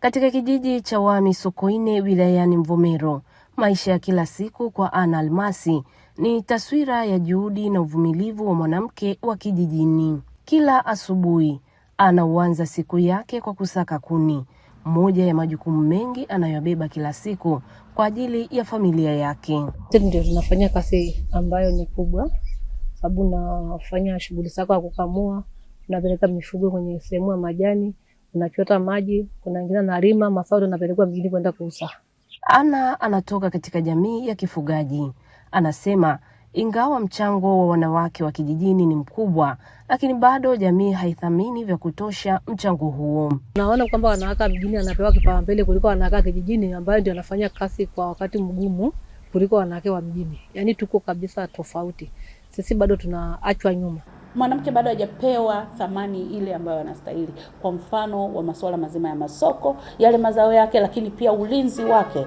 Katika kijiji cha Wami Sokoine wilayani Mvomero, maisha ya kila siku kwa Ana Almasi ni taswira ya juhudi na uvumilivu wa mwanamke wa kijijini. Kila asubuhi Ana huanza siku yake kwa kusaka kuni, moja ya majukumu mengi anayobeba kila siku kwa ajili ya familia yake. Ndio tunafanya kazi ambayo ni kubwa, sababu nafanya shughuli zako ya kukamua, napeleka mifugo kwenye sehemu ya majani unachota maji, kuna wengine analima mazao yanapelekwa mjini kwenda kuuza. Ana anatoka katika jamii ya kifugaji. Anasema ingawa mchango wa wanawake wa kijijini ni mkubwa, lakini bado jamii haithamini vya kutosha mchango huo. Naona kwamba wanawake mjini anapewa kipaumbele kuliko wanawake kijijini, ambayo ndio anafanya kazi kwa wakati mgumu kuliko wanawake wa mjini. Yaani tuko kabisa tofauti, sisi bado tunaachwa nyuma mwanamke bado hajapewa thamani ile ambayo anastahili, kwa mfano wa masuala mazima ya masoko, yale mazao yake, lakini pia ulinzi wake.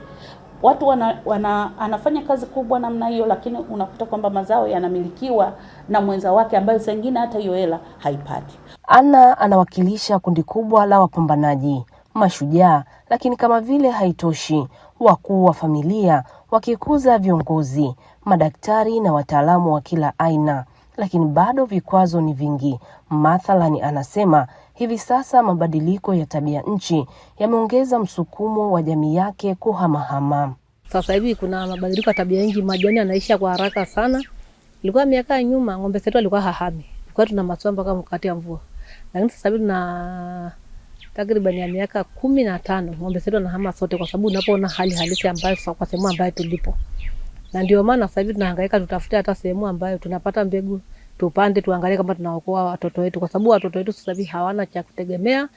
Watu wana, wana, anafanya kazi kubwa namna hiyo, lakini unakuta kwamba mazao yanamilikiwa na mwenza wake ambayo sengine hata hiyo hela haipati. Ana anawakilisha kundi kubwa la wapambanaji mashujaa, lakini kama vile haitoshi, wakuu wa familia wakikuza viongozi, madaktari na wataalamu wa kila aina lakini bado vikwazo ni vingi. Mathalani, anasema hivi sasa mabadiliko ya tabia nchi yameongeza msukumo wa jamii yake kuhamahama. Sasa hivi kuna mabadiliko ya tabia nchi, majani anaisha kwa haraka sana. Ilikuwa miaka ya nyuma ng'ombe zetu alikuwa hahami, ilikuwa tuna matoa mpaka mkati ya mvua, lakini sasa hivi tuna takriban ya miaka kumi na tano ng'ombe zetu anahama sote, kwa sababu unapoona hali halisi ambayo kwa sehemu ambayo tulipo na ndio maana sasa hivi tunahangaika tutafute hata sehemu ambayo tunapata mbegu tupande, tuangalie kama tunaokoa watoto wetu, kwa sababu watoto wetu sasa hivi hawana cha kutegemea.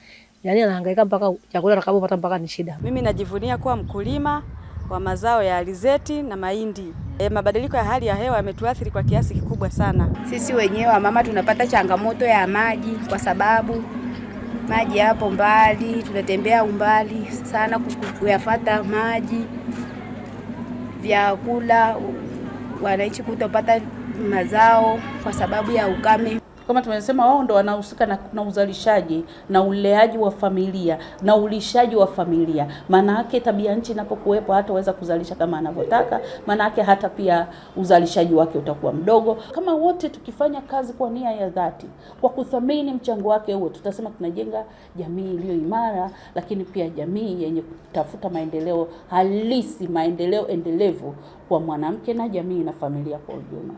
Yani anahangaika mpaka chakula atakapopata mpaka ni shida. Mimi najivunia kuwa mkulima wa mazao ya alizeti na mahindi. E, mabadiliko ya hali ya hewa yametuathiri kwa kiasi kikubwa sana. Sisi wenyewe wamama tunapata changamoto ya maji, kwa sababu maji yapo mbali, tunatembea umbali sana kuyafata maji vyakula, wananchi kutopata mazao kwa sababu ya ukame kama tumesema, wao ndo wanahusika na, na uzalishaji na uleaji wa familia na ulishaji wa familia. Maana yake tabia nchi inapokuwepo hataweza kuzalisha kama anavyotaka, maana yake hata pia uzalishaji wake utakuwa mdogo. Kama wote tukifanya kazi kwa nia ya dhati, kwa kuthamini mchango wake huo, tutasema tunajenga jamii iliyo imara, lakini pia jamii yenye kutafuta maendeleo halisi, maendeleo endelevu kwa mwanamke na jamii na familia kwa ujumla.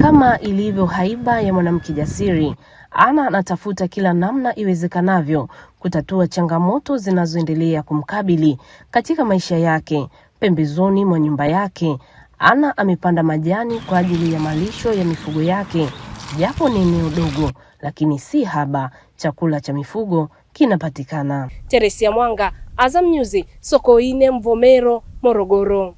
Kama ilivyo haiba ya mwanamke jasiri, Ana anatafuta kila namna iwezekanavyo kutatua changamoto zinazoendelea kumkabili katika maisha yake. Pembezoni mwa nyumba yake, Ana amepanda majani kwa ajili ya malisho ya mifugo yake. Japo ni eneo dogo, lakini si haba, chakula cha mifugo kinapatikana. Teresia Mwanga, Azam News, Sokoine, Mvomero, Morogoro.